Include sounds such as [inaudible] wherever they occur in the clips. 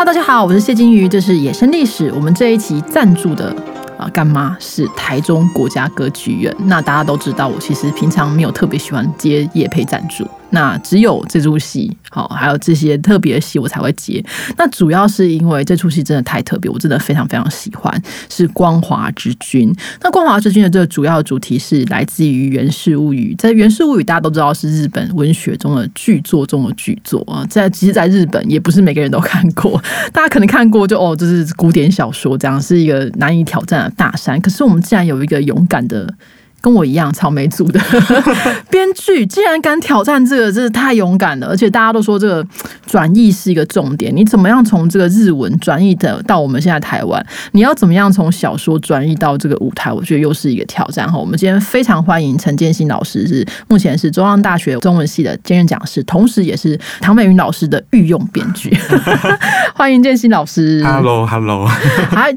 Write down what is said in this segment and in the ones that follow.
哈，大家好，我是謝金魚，這是《野生歷史》。我們這一期贊助的啊，乾媽是台中國家歌劇院。那大家都知道，我其實平常沒有特別喜歡接業配贊助。那只有這出戲好，還有這些特別的戲，我才會接。那主要是因為這出戲真的太特別，我真的非常非常喜歡，是《光華之君》。那《光華之君》的這個主要主題是來自於《源氏物語》。在《源氏物語》，大家都知道是日本文學中的巨作中的巨作啊，在其實，在日本也不是每個人都看過，大家可能看過就哦，就是古典小說這樣，是一個難以挑戰的大山。可是我們竟然有一個勇敢的。跟我一樣，草莓族的編劇， [laughs] 竟然敢挑戰這個，真是太勇敢了。而且大家都說，這個轉譯是一個重點，你怎麼樣從這個日文轉譯的到我們現在台灣？你要怎麼樣從小說轉譯到這個舞台？我覺得又是一個挑戰哈。我們今天非常歡迎陳健星老師，是目前是中央大學中文系的兼任講師，同時也是唐美雲老師的御用編劇。 [laughs] 歡迎健星老師。Hello，Hello hello。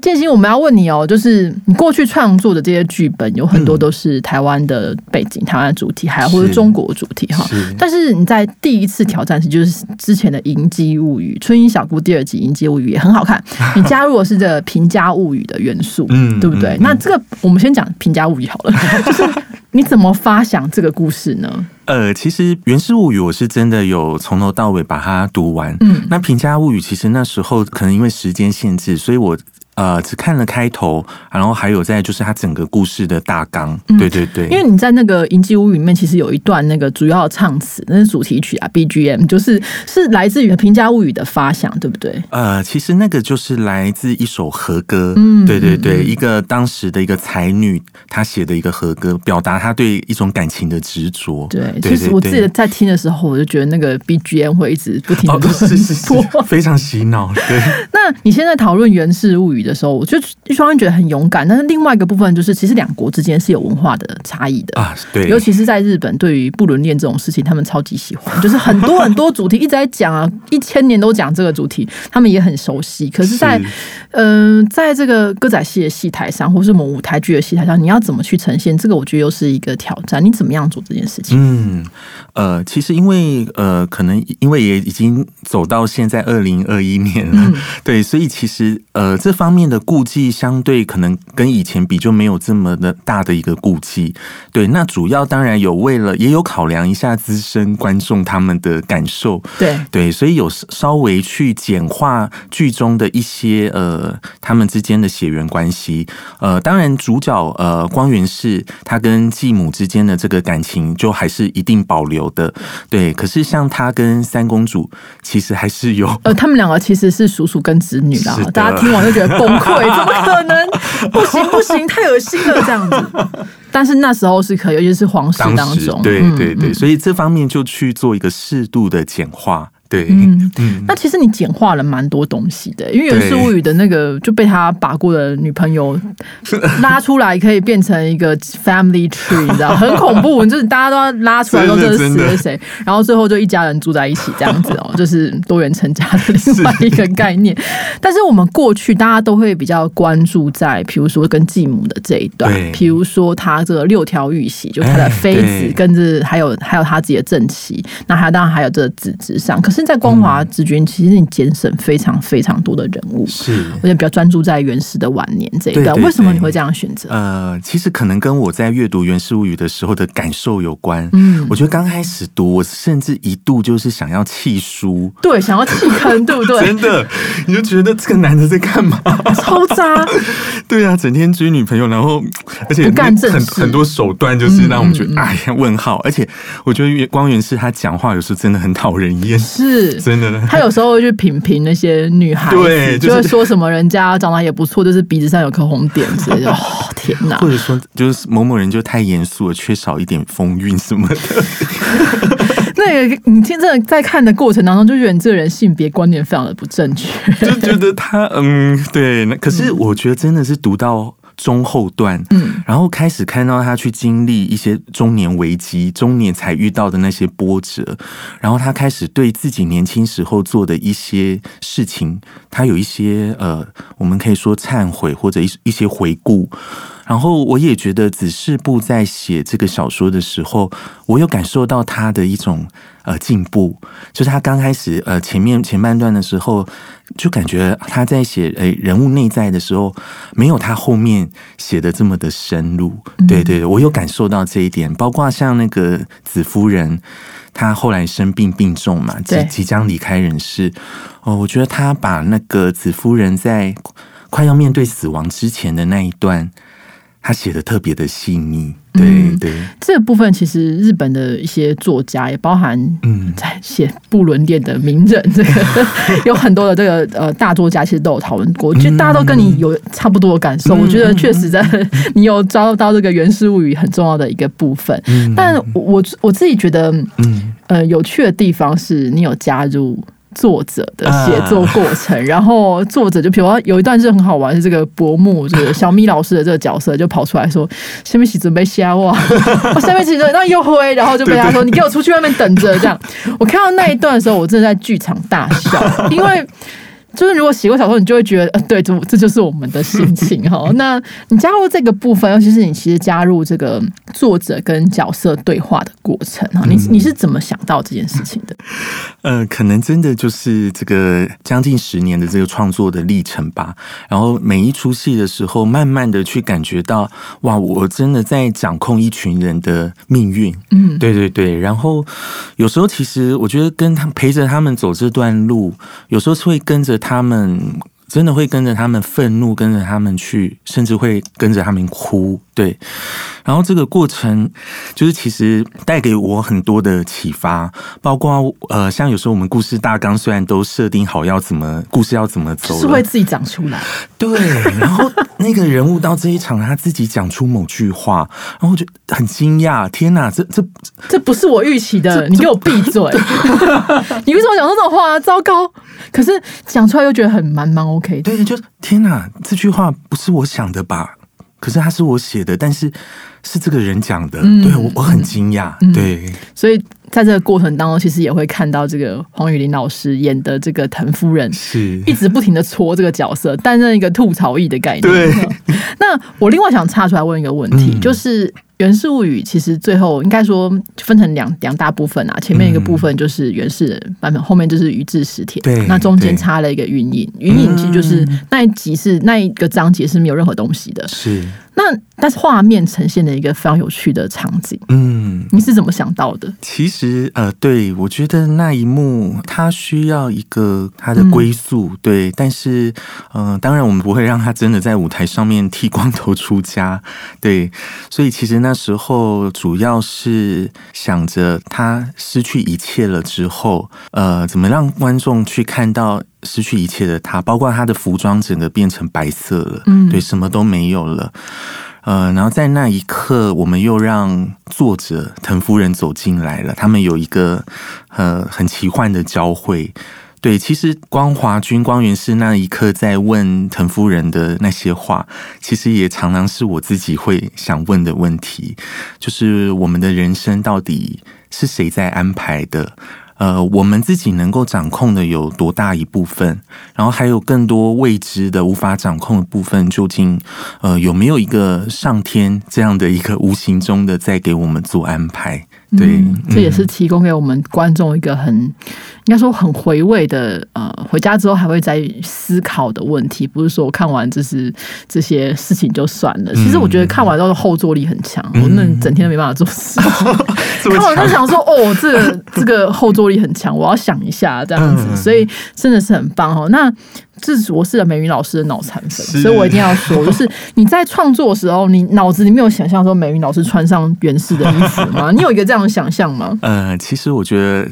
健星，我們要問你哦、喔，就是你過去創作的這些劇本，有很多都是。台灣的背景，台灣主題、還或者中國主題哈，是是但是你在第一次挑戰時，就是之前的《迎擊物語》《春櫻小姑》第二集，《迎基物語》也很好看。你加入的是這《平家物語》的元素， [laughs] 對不對？嗯嗯、那這個我們先講《平家物語》好了， [laughs] 就是你怎麼發想這個故事呢？呃，其實《原始物語》我是真的有從頭到尾把它讀完。嗯，那《平家物語》其實那時候可能因為時間限制，所以我。呃，只看了開頭，然後還有在就是他整個故事的大綱，嗯、對對對。因為你在那個《螢姬物語》裡面，其實有一段那個主要唱詞，那是主題曲啊，BGM，就是是來自於《平家物語》的發想，對不對？呃，其實那個就是來自一首和歌，嗯，對對對，嗯、一個當時的一個才女她寫的一個和歌，表達她對一種感情的執着。對，對對對其實我自己在聽的時候，對對對我就覺得那個 BGM 會一直不停直，的、哦，是，是是，非常洗腦。對， [laughs] 那你現在討論《源氏物語》。的時候，我就一方面覺得很勇敢，但是另外一個部分就是，其實兩國之間是有文化的差異的啊，對，尤其是在日本，對於不倫戀這種事情，他們超級喜歡，就是很多很多主題一直在講啊， [laughs] 一千年都講這個主題，他們也很熟悉。可是在，在嗯是、呃，在這個歌仔戲的戲台上，或是某舞台劇的戲台上，你要怎麼去呈現這個？我覺得又是一個挑戰。你怎麼樣做這件事情？嗯，呃，其實因為呃，可能因為也已經走到現在二零二一年了，嗯、對，所以其實呃，這方。面的顧忌相對可能跟以前比就沒有這麼的大的一個顧忌，對，那主要當然有為了也有考量一下資深觀眾他們的感受，對對，所以有稍微去簡化劇中的一些呃他們之間的血緣關係，呃，當然主角呃光源氏他跟繼母之間的這個感情就還是一定保留的，對，可是像他跟三公主其實還是有呃他們兩個其實是叔叔跟侄女的，大家聽完就覺得。崩潰？怎麼可能？ [laughs] 不行，不行，太噁心了，這樣子。但是那時候是可以，尤其是皇室當中，當對對對，嗯，所以這方面就去做一個適度的簡化。對，嗯，那其實你簡化了蠻多東西的，因為《源氏物語》的那個就被他把過的女朋友拉出來，可以變成一個 family tree，你知道，很恐怖，就是大家都要拉出來，都這是誰誰誰，然後最後就一家人住在一起這樣子哦，就是多元成家的另外一個概念。但是我們過去大家都會比較關注在，比如說跟繼母的這一段，比如說他這個六條御息，就他的妃子跟着，還有還有他自己的正妻，那他當然還有這紫之上，可是。在光華之君，其實你節省非常非常多的人物，是，而且比較專注在源氏的晚年這一段。對對對，為什麼你會這樣選擇？呃，其實可能跟我在閱讀《源氏物語》的時候的感受有關。嗯，我覺得剛開始讀，我甚至一度就是想要棄書，對，想要棄坑，對不對？ [laughs] 真的，你就覺得這個男的在幹嘛？嗯、超渣？ [laughs] 對啊，整天追女朋友，然後而且很不幹正事，很多手段，就是讓我們覺得哎呀，問號。而且我覺得光源氏他講話有時候真的很討人厭。是是，真的。他有時候會去品評那些女孩子，對就會、是、說什麼人家長得也不錯，就是鼻子上有顆紅點之類的。哦天吶，或者說，就是某某人就太嚴肅了，缺少一點風韻什麼的。 [laughs] 那個、你聽着、這個，在看的過程當中，就覺得你這個人性別觀念非常的不正確。就覺得他，嗯，對。可是我覺得真的是讀到。中後段，然後開始看到他去經歷一些中年危機，中年才遇到的那些波折，然後他開始對自己年輕時候做的一些事情，他有一些呃，我們可以說懺悔或者一一些回顧。然後我也覺得紫式部在寫這個小說的時候，我有感受到他的一種呃進步，就是他剛開始呃前面前半段的時候，就感覺他在寫誒、欸、人物內在的時候，沒有他後面寫的這麼的深入。嗯、對對，我有感受到這一點。包括像那個紫夫人，她後來生病病重嘛，即即將離開人世。哦對，我覺得她把那個紫夫人在快要面對死亡之前的那一段。他寫的特別的細膩，對對、嗯，這個、部分其實日本的一些作家也包含，嗯，在寫不倫戀的名人，這個 [laughs] 有很多的這個呃大作家其實都有討論過，就、嗯、大家都跟你有差不多的感受，嗯、我覺得確實，在你有抓到這個源氏物語很重要的一個部分，嗯、但我我自己覺得，嗯呃，有趣的地方是你有加入。作者的寫作過程，uh, 然後作者就比如說有一段是很好玩的，這個薄暮就是小米老師的這個角色就跑出來說：“下面奇準備下哇，我下面奇，然後那又灰。”然後就被他說：‘你給我出去外面等着’，這樣。對對，我看到那一段的時候，我真的在劇場大笑， [laughs] 因為。就是如果寫過小說，你就會覺得，呃，對，這這就是我們的心情哈。 [laughs] 那你加入這個部分，尤其是你其實加入這個作者跟角色對話的過程，你你是怎麼想到這件事情的？嗯嗯、呃，可能真的就是這個將近十年的這個創作的歷程吧。然後每一出戲的時候，慢慢的去感覺到，哇，我真的在掌控一群人的命運。嗯，對對對。然後有時候其實我覺得跟他陪着他們走這段路，有時候是會跟着。他們真的會跟着他們憤怒，跟着他們去，甚至會跟着他們哭。對，然後這個過程就是其實帶給我很多的啟發，包括呃，像有時候我們故事大綱雖然都設定好要怎麼故事要怎麼走，是會自己講出來。對，然後那個人物到這一場，他自己講出某句話， [laughs] 然後就很驚訝：天哪，這這這不是我預期的！這你給我閉嘴！ [laughs] [laughs] 你為什麼講這種話啊？糟糕！可是講出來又覺得很蠻蠻 OK 的，對，就天哪，啊，這句話不是我想的吧？可是他是我寫的，但是是這個人講的，嗯、對我我很驚訝，嗯、對。所以在這個過程當中，其實也會看到這個黃宇琳老師演的這個藤夫人，是一直不停的戳這個角色，擔是任一個吐槽役的概念。對。呵呵，那我另外想插出來問一個問題，嗯、就是。《源氏物語》其實最後應該說分成兩兩大部分啊，前面一個部分就是源氏版本，嗯、後面就是《宇治十帖》。對，那中間插了一個雲隱，雲隱對其實就是那一集是、嗯、那一個章節是沒有任何東西的。是，那但是畫面呈現了一個非常有趣的場景。嗯，你是怎麼想到的？其實呃，對我覺得那一幕他需要一個他的歸宿，嗯、對，但是嗯、呃，當然我們不會讓他真的在舞台上面剃光頭出家，對，所以其實。那時候主要是想着他失去一切了之後，呃，怎麼讓觀眾去看到失去一切的他？包括他的服裝整個變成白色了，嗯，對，什麼都沒有了。呃，然後在那一刻，我們又讓作者藤夫人走進來了，他們有一個呃很奇幻的交匯。對，其實光華君、光源氏那一刻在問藤夫人的那些話，其實也常常是我自己會想問的問題，就是我們的人生到底是誰在安排的？呃，我們自己能夠掌控的有多大一部分？然後還有更多未知的、無法掌控的部分，究竟呃有沒有一個上天這樣的一個無形中的在給我們做安排？對、嗯，這也是提供給我們觀眾一個很，嗯、應該說很回味的。呃，回家之後還會再思考的問題，不是說我看完就是這些事情就算了。嗯、其實我覺得看完之後後坐力很強，嗯、我那整天都沒辦法做事。嗯、 [laughs] 這麼強？看完就想說，哦，這個這個後坐力很強，我要想一下這樣子，所以真的是很棒哦。那。是我是美雲老師的腦殘粉，是所以我一定要說，就是你在創作的時候，你腦子裡沒有想象說美雲老師穿上源氏的衣服嗎？ [laughs] 你有一個這樣的想象嗎呃，其實我覺得。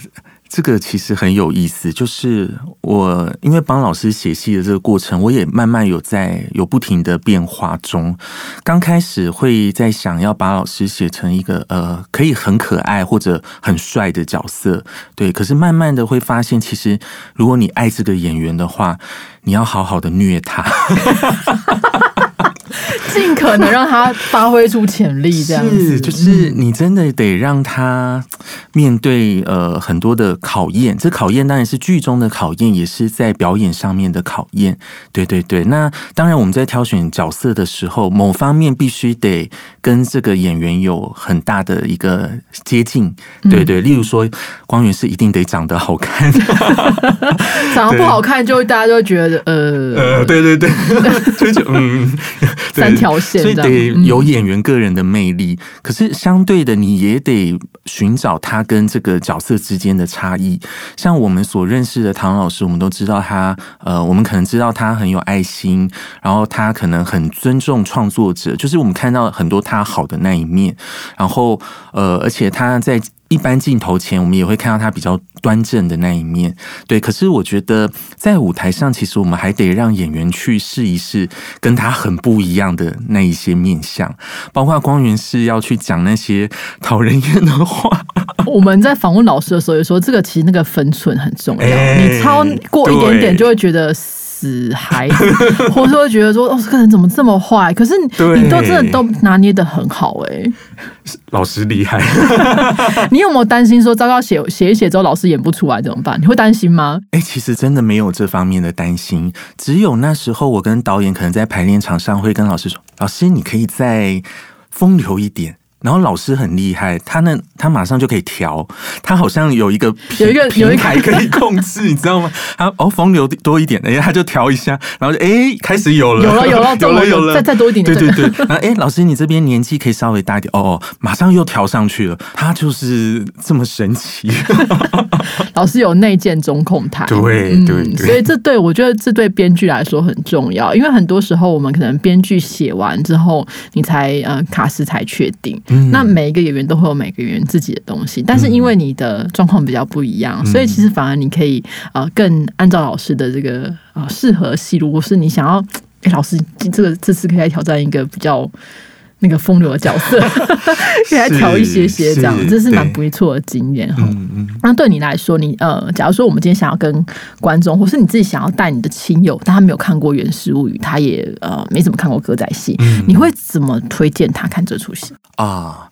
這個其實很有意思，就是我因為幫老師寫戲的這個過程，我也慢慢有在有不停的變化中。剛開始會在想要把老師寫成一個呃可以很可愛或者很帥的角色，對。可是慢慢的會發現，其實如果你愛這個演員的話，你要好好的虐他。 [laughs] [laughs] 盡可能讓他發揮出潛力，這樣子 [laughs] 是，就是你真的得讓他面對呃很多的考驗，這考驗當然是劇中的考驗，也是在表演上面的考驗。對對對，那當然我們在挑選角色的時候，某方面必須得跟這個演員有很大的一個接近。嗯、對對，例如說光源是一定得長得好看，哈哈哈，長得不好看就大家都會覺得 [laughs] 呃呃對對對，就 [laughs] 就嗯。對。所以得有演員個人的魅力，嗯、可是相對的，你也得尋找他跟這個角色之間的差異。像我們所認識的唐老師，我們都知道他，呃，我們可能知道他很有愛心，然後他可能很尊重創作者，就是我們看到很多他好的那一面。然後，呃，而且他在。一般鏡頭前，我們也會看到他比較端正的那一面。對，可是我覺得在舞台上，其實我們還得讓演員去試一試跟他很不一樣的那一些面向，包括光源是要去講那些討人厭的話。我們在訪問老師的時候有說，這個其實那個分寸很重要，欸、你超過一點點就會覺得。死嗨，或者說覺得說哦，這個人怎麼這麼壞？可是你都對真的都拿捏得很好哎、欸，老師厲害。 [laughs] [laughs] 你有沒有擔心說糟糕寫，寫寫一寫之後老師演不出來怎麼辦？你會擔心嗎？哎、欸，其實真的沒有這方面的擔心，只有那時候我跟導演可能在排練場上會跟老師說：“老師，你可以再風流一點。”然後老師很厲害，他呢，他馬上就可以調，他好像有一個平平台，可以控制，你知道嗎？他哦，風流多一點，然後他就調一下，然後哎，開始有了，有了，有了，有了，再再多一點，對對對。然後哎，老師，你這邊年紀可以稍微大一點，哦馬上又調上去了，他就是這麼神奇。老師有內建中控台，對對對，所以這對我覺得這對編劇來說很重要，因為很多時候我們可能編劇寫完之後，你才呃卡司才確定。那每一個演員都會有每個演員自己的東西，但是因為你的狀況比較不一樣，所以其實反而你可以呃更按照老師的這個啊適合戲。如果是你想要，哎、欸，老師這個這次可以來挑戰一個比較。那個風流的角色 [laughs] 是，給他調一些些，這樣子，這是蠻不錯的經驗哈對。那對你來說，你呃，假如說我們今天想要跟觀眾，或是你自己想要帶你的親友，但他沒有看過《源氏物語》，他也呃沒怎麼看過歌仔戲，嗯、你會怎麼推薦他看這出戲啊？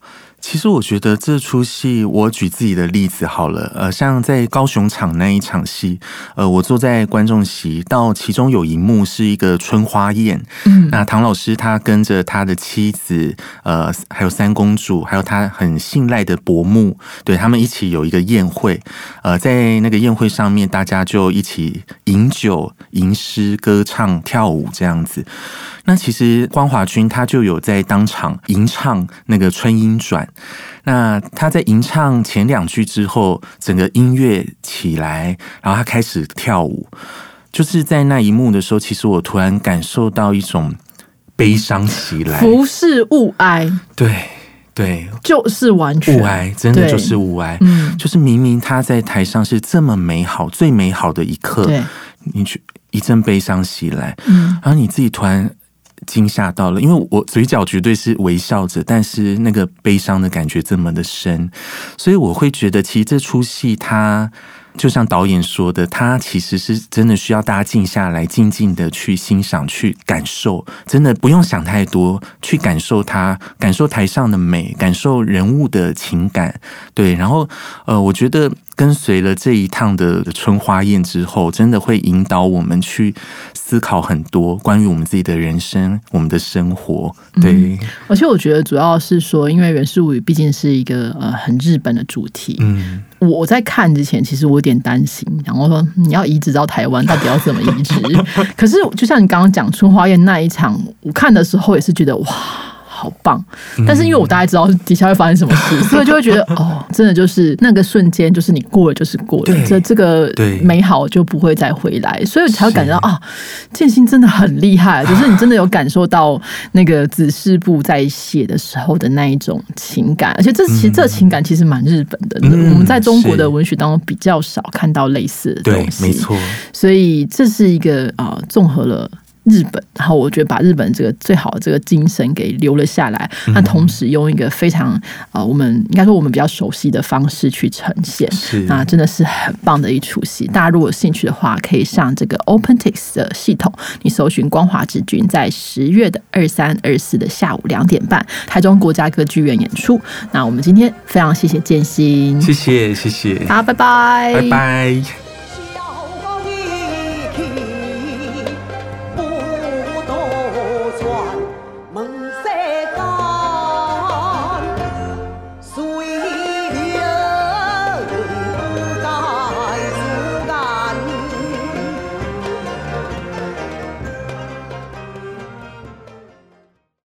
其實我覺得這出戲，我舉自己的例子好了。呃，像在高雄場那一場戲，呃，我坐在觀眾席，到其中有一幕是一個春花宴。嗯，那唐老師他跟着他的妻子，呃，還有三公主，還有他很信賴的伯母，對，他們一起有一個宴會。呃，在那個宴會上面，大家就一起飲酒、吟詩、歌唱、跳舞這樣子。那其實光華君他就有在當場吟唱那個《春鶯囀》，那他在吟唱前兩句之後，整個音樂起來，然後他開始跳舞。就是在那一幕的時候，其實我突然感受到一種悲傷襲來，浮世物哀。對對，對就是完全物哀，真的就是物哀。嗯對，就是明明他在台上是這麼美好，最美好的一刻，對你去一陣悲傷襲來。嗯對，然後你自己突然。驚嚇到了，因為我嘴角絕對是微笑着，但是那個悲傷的感覺這麼的深，所以我會覺得，其實這出戲它就像導演說的，它其實是真的需要大家靜下來，靜靜的去欣賞、去感受，真的不用想太多，去感受它，感受台上的美，感受人物的情感，對，然後呃，我覺得。跟隨了這一趟的春花宴之後，真的會引導我們去思考很多關於我們自己的人生、我們的生活。對，嗯，而且我覺得主要是說，因為《源氏物語》畢竟是一個呃很日本的主題。嗯，我在看之前其實我有點擔心，然後說你要移植到台灣，到底要怎麼移植？ [laughs] 可是就像你剛剛講春花宴那一場，我看的時候也是覺得哇，好棒！但是因為我大概知道底下會發生什麼事，嗯、所以就會覺得 [laughs] 哦，真的就是那個瞬間，就是你過了就是過了，對這這個美好就不會再回來。所以才會感覺到是啊，健星真的很厲害，就是你真的有感受到那個紫式部在寫的時候的那一種情感，啊、而且這其實這情感其實蠻日本的，嗯、我們在中國的文學當中比較少看到類似的東西，對，沒錯。所以這是一個啊，綜合了。日本，然後我覺得把日本這個最好的這個精神給留了下來。那同時用一個非常呃我們應該說我們比較熟悉的方式去呈現，是那真的是很棒的一出戲。大家如果有興趣的話，可以上這個 OpenTix 的系統，你搜尋《光華之君》在十月的二三二四的下午兩點半，台中國家歌劇院演出。那我們今天非常謝謝健星謝謝，謝謝謝謝，好、啊，拜拜拜拜。